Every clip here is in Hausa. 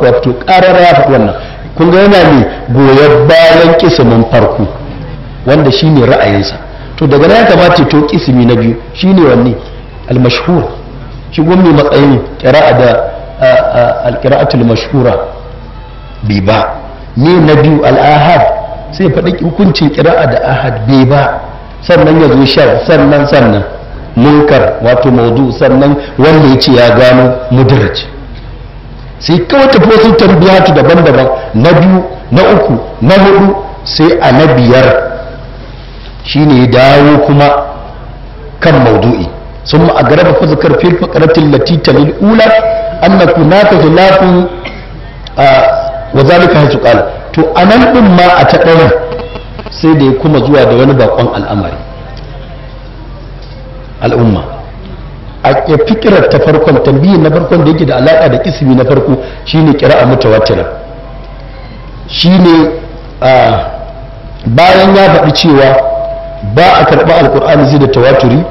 wato karar ya faɗi wannan kun ga yana ne goyon bayan kisimin farko wanda shine ra'ayinsa to daga nan ya kamata to kisimi na biyu shine wanne al-mashhur shi gwamnati matsayin qira'a da al-qira'atul mashhura bi ba ne na biyu al-ahad sai faɗi hukuncin qira'a da ahad bi ba sannan ya zo shar sannan sannan munkar wato maudu sannan wanda ya ce ya gano mudarraj sai kawai tafi wasu daban-daban na biyu na uku na hudu sai a na biyar shine ya dawo kuma kan maudu'i sun ma'agaraba fa zakar fil fakaratin lati talil ula annaku naka lafin wa zalika hasu qala to anan din ma a ta ɗaya sai da ya kuma zuwa da wani bakon al'amari al'umma a fikirar ta farkon tambayi na farkon da yake da alaka da ismi na farko shine qira'a mutawatir shine bayan ya faɗi cewa ba a karɓa alkur'ani zai da tawaturi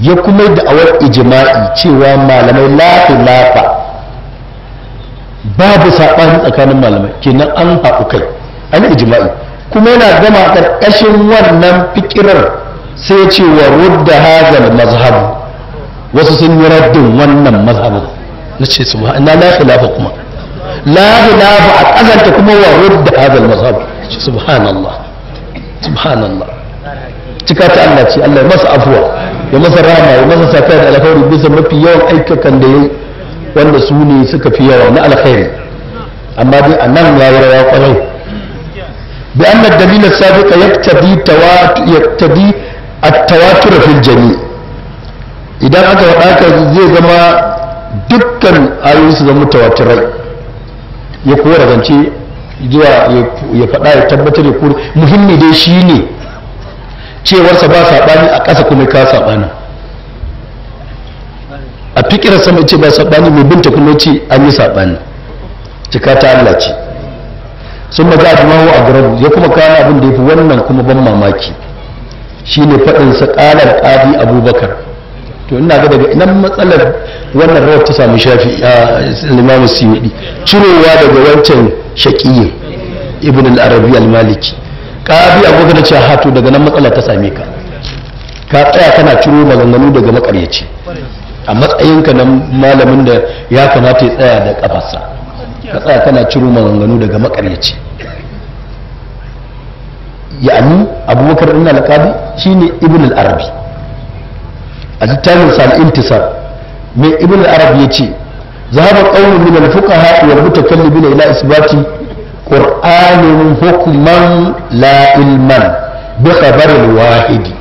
ya kuma da awar ijima'i cewa malamai lafi lafa babu saɓani tsakanin malamai kenan an haɗu kai an ijima'i kuma yana gama ƙarƙashin wannan fikirar sai ce wa rudda hazal mazhabu wasu sun yi raddin wannan mazhabin na ce su na la khilafa kuma la khilafa a kazanta kuma wa rudda hadal mazhab ce subhanallah subhanallah cika ta Allah ce Allah ya masa afuwa ya masa rama ya masa saka da alkhairi bisa mafi yawan aikakan da yayi wanda su ne suka fi yawa na alkhairi amma dai a nan ya yi rawa kwarai bi anna dalil sabiqa yaqtadi tawatu yaqtadi at-tawatur fil jami' idan aka faɗa ka zai zama dukkan ayoyi su zama mutawatirai ya kowa ragance zuwa ya faɗa ya tabbatar ya kuri muhimmi dai shi ne cewarsa ba saɓani a ƙasa kuma ka saɓani a fikirar sama ce ba saɓani mai binta kuma ce an yi saɓani cika ta Allah ce sun maza a jimawo a garabu ya kuma kawo abin da ya fi wannan kuma ban mamaki shi ne faɗin sa ƙalar ƙadi abubakar to ina ga daga nan matsalar wannan rawar ta samu shafi a limamu siyudi cirowa daga wancan shaƙiyya ibn al-arabi al-maliki ƙafi abokan ce hatu daga nan matsalar ta same ka ka tsaya kana ciro maganganu daga makaryaci a matsayinka na malamin da ya kamata ya tsaya da kafasa ka tsaya kana ciro maganganu daga makaryaci ya'ani abubakar ɗin alƙadi shine ibn al-arabi a littafin sa al mai ibn arab yace zahaba qawlun min al-fuqaha wal mutakallimin ila isbati ƙur'anin hukman la ilman bi khabar al-wahidi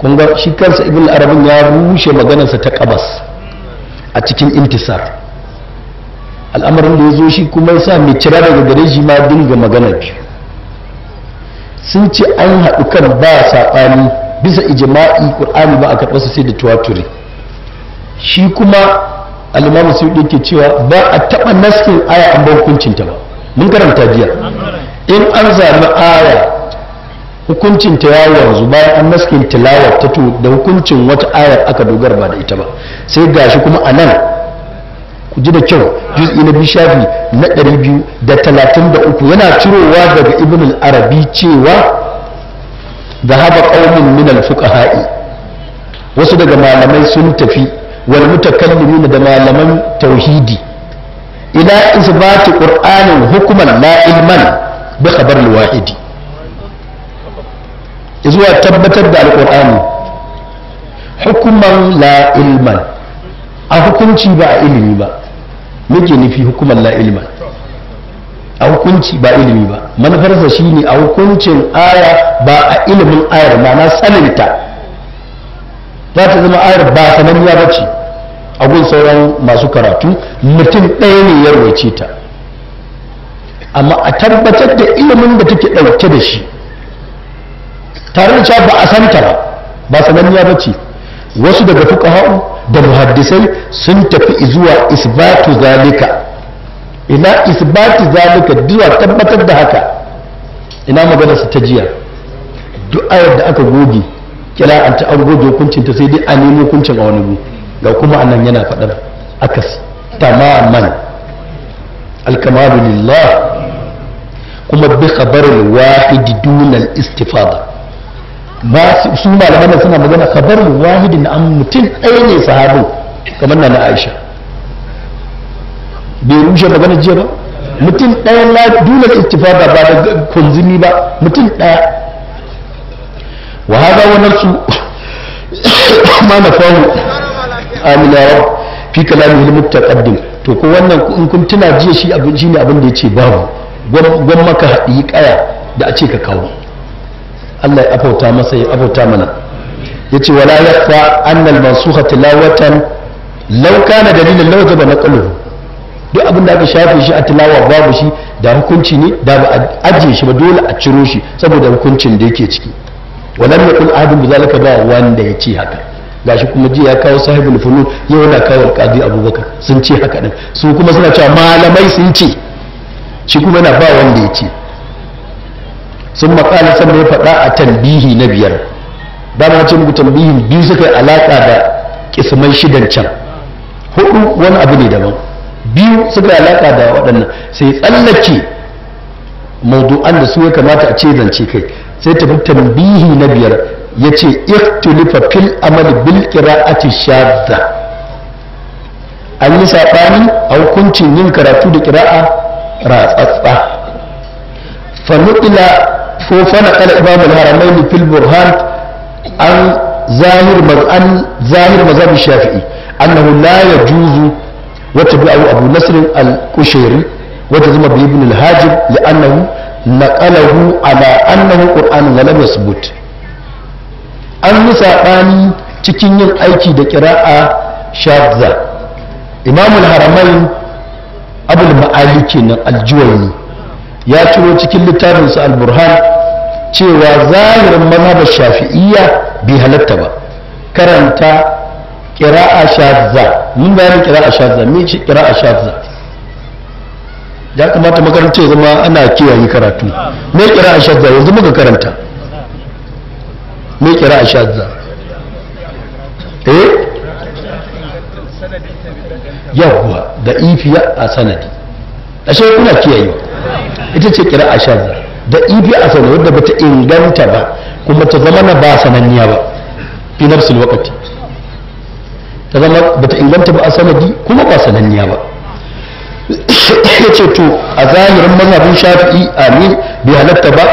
kun ga shi kansa ibn ya rushe maganarsa ta kabas a cikin intisar al'amarin da ya zo shi kuma ya sa mai cira daga gare shi ma dinga magana sun ce an haɗu kan ba saɓani bisa ijma'i qur'ani ba a karɓar sa sai da tuwaturi shi kuma al-imamu yake cewa ba a taɓa naskin aya an ba hukuncin ta ba mun karanta jiya in an zami aya hukuncin ta ya yanzu bayan an naskin tilawar ta to da hukuncin wata aya aka dogara ba da ita ba sai gashi kuma a nan ku ji da kyau juz'i na bishafi na uku yana cirowa daga ibn arabi cewa ذهب قوم من الفقهاء wasu daga malamai sun tafi wal mutakallimin da malaman tauhidi ila isbati qur'anin hukuman la ilman bi khabar al wahidi zuwa tabbatar da alqur'ani hukuman la ilman a hukunci ba a ilimi ba muke nufi hukuman la ilman a hukunci ba ilimi ba manufarsa shi ne a hukuncin aya ba a ilimin ayar ba na saninta za ta zama ayar ba sananniya ba ce a gun sauran masu karatu mutum ɗaya ne ya rawaice ta amma a tabbatar da ilimin da take ɗauke da shi tare da cewa ba a santa ba ba sananniya ba ce wasu daga fuqaha'u da muhaddisai sun tafi zuwa isbatu zalika ina isbati zalika diya tabbatar da haka ina magana su ta jiya duk da aka goge kila an ta an goge hukuncin ta sai dai a nemo hukuncin a wani gu ga kuma annan yana faɗar akas tamaman alkamalu lillah kuma bi khabarul wahid dunal istifada ba su malaman suna magana khabarul wahid na mutum ɗaya ne sahabin kamar na Aisha bai rushe bane jiya ba mutum ɗaya na dole ittifaka ba da kunzumi ba mutum ɗaya wa hada wa su ma na faru amina ya fi kalamin hilmuk taqaddim to ko wannan in kun tuna jiya shi abin shi ne abin da yace babu gwan maka haɗi kaya da a ce ka kawo Allah ya afauta masa ya afauta mana yace wala yakfa masu al-mansukha tilawatan law kana dalilan law jaba naqluhu duk abin da aka shafe shi a tilawa babu shi da hukunci ne da ba a ajiye shi ba dole a ciro shi saboda hukuncin da yake ciki ya kun ahadun da zalika ba wanda ya ce haka gashi kuma jiya ya kawo sahibul funu yau yana kawo alqadi abubakar sun ce haka din su kuma suna cewa malamai sun ce shi kuma yana ba wanda ya ce sun makala san ya faɗa a tambihi na biyar da ma ce muku tambihin biyu suka yi alaƙa da kisman shidan can hudu wani abu ne daban biyu suka alaka da waɗannan sai tsallake mawdu'an da su ya kamata a ce zance kai sai tafi tambihi na biyar ya ce ikhtulifa fil amali bil qira'ati shadda an yi saɓani a hukuncin yin karatu da ƙira'a ratsatsa fanuƙila ko fana ƙala imamul haramaini fil burhan an zahir mazhab shafi'i annahu la yajuzu wata bi abu nasr al-kushairi wata zama bi ibn al-hajib li'annahu naqalahu ala qur'an wa lam an yi saɓani cikin yin aiki da qira'a shadza imam al haramai abul ma'ali kenan al-juwayni ya ciro cikin littafinsa al-burhan cewa zahirin mazhabar shafi'iyya bai halatta ba karanta kira'a shazza mun bayanin kira'a shazza me ce kira'a shazza ya kamata makaranta ya zama ana kiyaye karatu me kira'a shazza yanzu muka karanta me kira'a shazza eh yawwa da ifiya a sanadi ashe kuna kiyaye ita ce kira'a shazza da ifiya a sanadi wadda bata inganta ba kuma ta zama na ba sananniya ba fi nafsul waqti ta zama bata inganta ba a sanadi kuma ba sananniya ba ya ce to a zahirin mazhabin shafi'i a amin bai halatta ba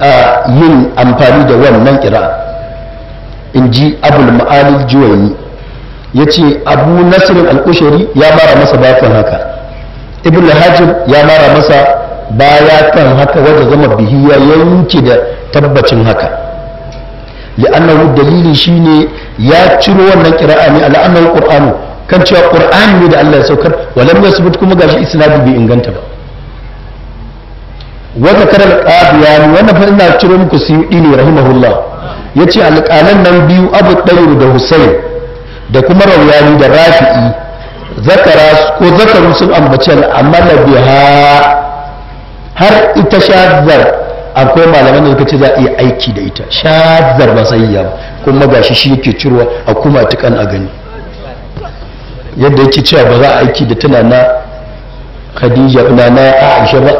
a yin amfani da wannan kira in ji abul ma'alil juwayi ya ce abu nasirin al'ushari ya mara masa bakon haka ibn hajib ya mara masa baya kan haka wajen zama bihiya ya yanke da tabbacin haka li'annahu dalili shine ya ciro wannan qira'a ne ala annahu qur'anu kan cewa qur'ani ne da Allah ya saukar walam yasbut kuma gashi isnadu bai inganta ba wa zakara wannan fa na ciro muku suyudi ne Ya ce alƙalan nan biyu Abu Dayyib da Husayn da kuma Rawani da Rafi'i zakara ko zakaru sun ambace amma labiha har ita shadar akwai malaman da suka ce za a iya aiki da ita shazar ba sai kuma gashi shi yake cirowa a kuma tukan a gani yadda yake cewa ba za a aiki da tana na Khadija na na Aisha ba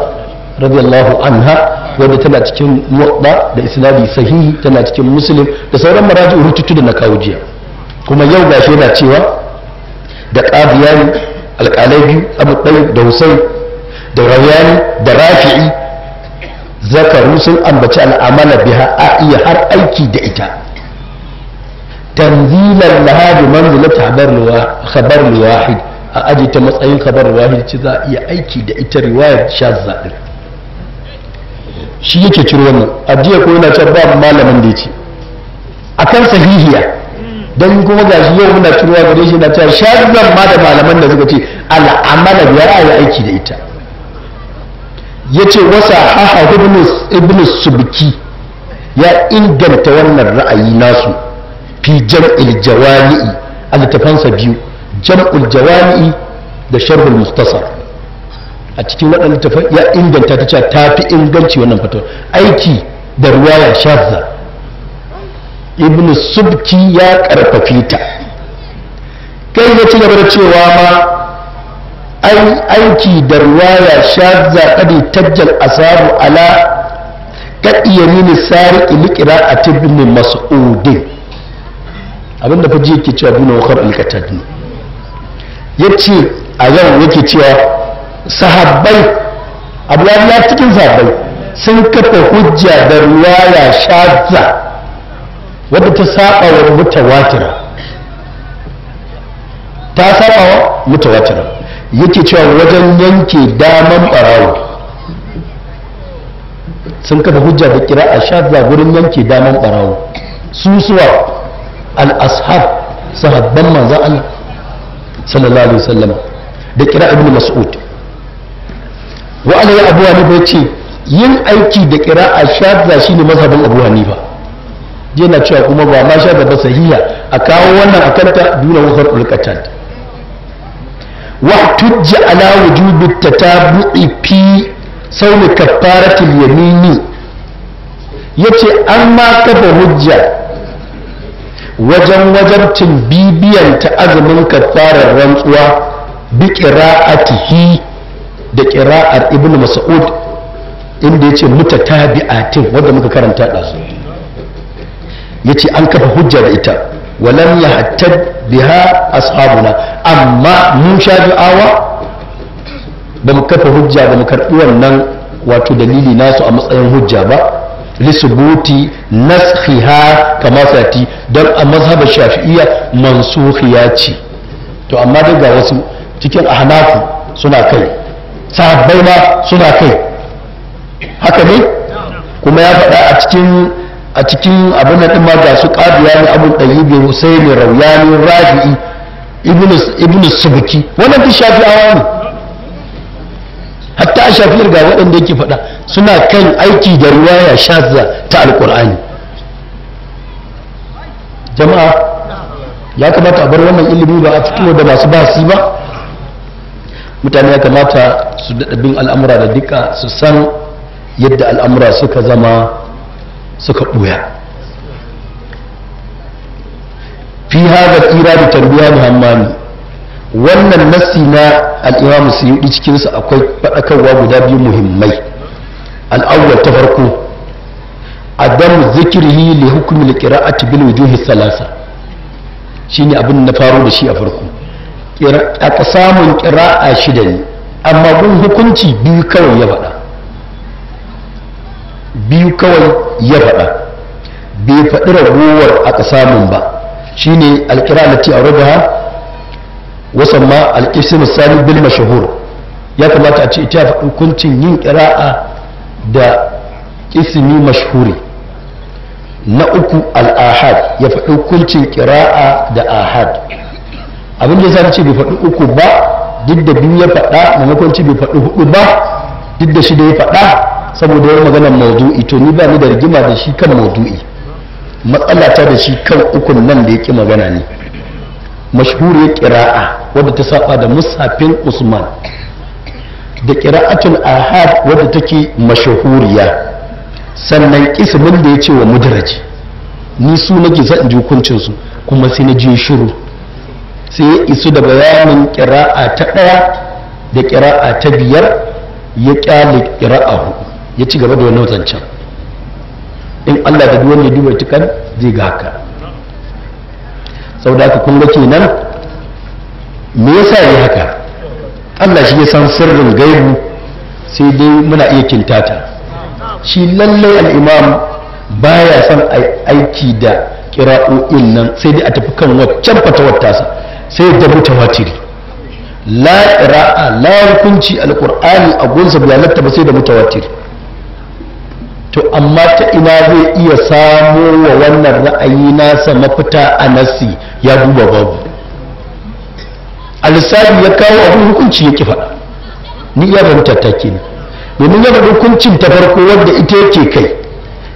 radiyallahu anha wadda tana cikin muwadda da isnadi sahihi tana cikin muslim da sauran maraji rututu da na kawo jiya kuma yau shi yana cewa da qadiyani alqalabi biyu dai da husayn da rayani da rafi'i zakaru sun ambaci al'amala biha a iya har aiki da ita tanzilan laha bi manzilat khabar wahid a aji ta matsayin khabar wahid ci za a iya aiki da ita riwayar shazza din shi yake ciro wannan ajiya ko yana cewa babu malamin da a akan sahihiya dan kuma shi yau muna cirowa gare shi na cewa shazzan ma da malaman da suka ce al'amala biya a aiki da ita ya ce wasa haha ibn subki ya inganta wannan ra'ayi nasu fi jam'il jawali'i a littafansa biyu jam'ul jawali'i da sharhul mustasar a cikin waɗannan littafan ya inganta ta cewa ta fi inganci wannan fatawa aiki da ruwaya shazza ibn subki ya karfafe ta kai ya ci gaba da cewa ma aiki da ruwaya shadza kadi tajjal asabu ala kadi yamini sari ilikira a tibbin mas'udin abinda fa yake cewa buna wakar alkatadni ya ce a yau yake cewa sahabbai abu ya cikin sahabbai sun kafa hujja da ruwaya shadza wadda ta saba wa mutawatira ta saba wa mutawatira yake cewa wajen yanke daman barawo sun kafa hujja da kira a shaza gurin yanke daman barawo su suwa al-ashab sahabban manzan Allah sallallahu alaihi wasallam da kira ibn mas'ud wa alayhi abu hanifa yace yin aiki da kira a shaza shine mazhabin abu hanifa yana cewa kuma ba ma shaza ba sahiha a kawo wannan akanta duna wakar ulkatat wa tujja ala wujubi tatabu'i fi sauni kaffaratul yamini yace an ma kafa hujja wajen wajabcin bibiyan ta azumin kaffarar rantsuwa bi qira'atihi da qira'ar ibnu mas'ud inda yace mutatabi'atin wanda muka karanta da su yace an kafa hujja da ita walam ya hattab biha ashabuna amma mun sha da'awa ba mu kafa hujja ba mu karɓi wannan wato dalili nasu a matsayin hujja ba lisubuti naskhiha kama sati don a mazhabar shafi'iyya mansukhiya ce to amma daga wasu cikin ahnafu suna kai sahabbai ma suna kai haka ne kuma ya faɗa a cikin a cikin abin nan ma ga su qadiyani abul tayyibi husaini rawyani rafi'i ibnu ibnu subki wannan duk shafi'awa ne hatta shafiyar ga waɗanda yake faɗa suna kan aiki da riwaya shazza ta alƙur'ani jama'a ya kamata a bar wannan ilimi ba a fito da masu basi ba mutane ya kamata su daɗa bin al'amura da duka su san yadda al'amura suka zama suka ɓuya fi haɗa tsira da tarbiya muhammadu wannan nassi na al'imamu su yi cikinsu akwai faɗakarwa guda biyu muhimmai al'awwal ta farko adam zikirhi li hukumi qira'ati bil wujuhi salasa shine abin na faro da shi a farko a samun qira'a shida ne amma gun hukunci biyu kawai ya faɗa biyu kawai ya faɗa bai faɗi ragowar aka samun ba shine na lati a ha wasan ma alkisim sani bil mashahur ya kamata a ce ita faɗi hukuncin yin ƙira'a da ismi mashhuri na uku al-ahad ya faɗi hukuncin ƙira'a da ahad abin da ya ce bai faɗi uku ba duk da biyu ya faɗa maimakon ce bai faɗi hudu ba duk da shida ya faɗa saboda yawan maganar maudu'i to ni ba ni da rigima da shi kan maudu'i matsala ta da shi kan ukun nan da yake magana ne mashhuriyar ƙira'a wadda ta saba da musafin usman da ƙira'atun ahad wadda take mashahuriya sannan ismin da ya ce wa mudaraji ni su nake sa in ji kuma sai na je shiru sai ya isu da bayanin ƙira'a ta ɗaya da ƙira'a ta biyar ya ƙyale ƙira'a hudu ya ci gaba da wannan in Allah da duwan ya duba tukan zai ga haka saboda haka kun kenan me yasa yi haka Allah shi ya san sirrin gaibu sai dai muna iya kintata shi lallai al'imam baya son aiki da kira'o'in nan sai dai a tafi kan waccan fatawar tasa sai da buta watiri la ƙira'a la hukunci alƙur'ani a gunsa biya ba sai da mutawatiri to amma ta ina zai iya samo wa wannan ra'ayi nasa mafita a nasi ya duba babu alisabi ya kawo abin hukunci ya kifa ni ya bari tattaki ne domin ya bari hukuncin ta farko wadda ita yake kai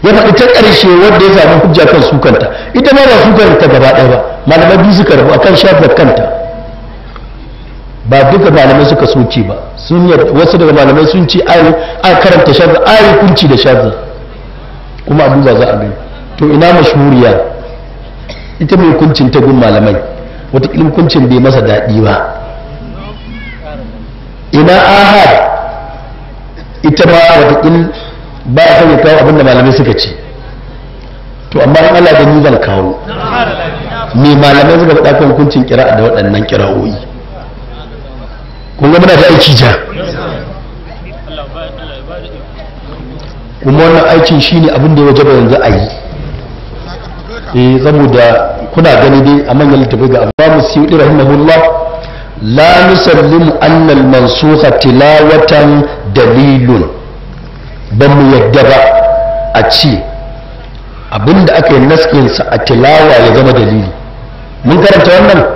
ya faɗi ta ƙarshe wadda ya sami hujja kan sukanta ita ma ba sukanta gaba ɗaya ba malamai biyu suka rabu akan shafar kanta ba duka malamai suka soke ba sun wasu daga malamai sun ce ayi a karanta shadda ayi kunci da shafin. kuma abin za a gani to ina mashuriya ita mai kuncin ta gun malamai ilm kuncin bai masa daɗi ba ina ahad ita ma wataƙil ba a sanya kawo da malamai suka ce to amma in Allah da ni zan kawo me malamai suka faɗa kan kuncin kira da waɗannan kira'o'i kun ga muna da aiki ja kuma wannan aikin shine abin da ya wajaba yanzu a yi eh saboda kuna gani dai a manyan littafai ga Abu Musayyid rahimahullah la nusallimu anna al-mansukha tilawatan dalilun ban mu yadda ba a ce abinda aka yi naskinsa a tilawa ya zama dalili mun karanta wannan